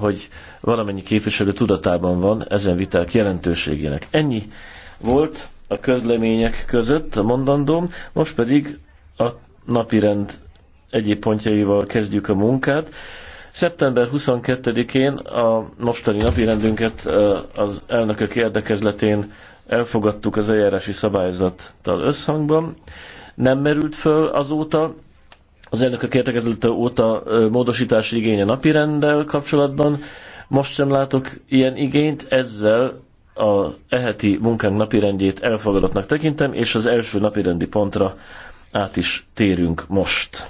hogy valamennyi képviselő tudatában van ezen viták jelentőségének. Ennyi volt a közlemények között a mondandóm, most pedig a napirend egyéb pontjaival kezdjük a munkát. Szeptember 22-én a mostani napirendünket az elnökök érdekezletén elfogadtuk az eljárási szabályzattal összhangban. Nem merült föl azóta az elnökök értekezlete óta módosítási igény a napirenddel kapcsolatban. Most sem látok ilyen igényt, ezzel a eheti munkánk rendjét elfogadottnak tekintem, és az első napirendi pontra át is térünk most.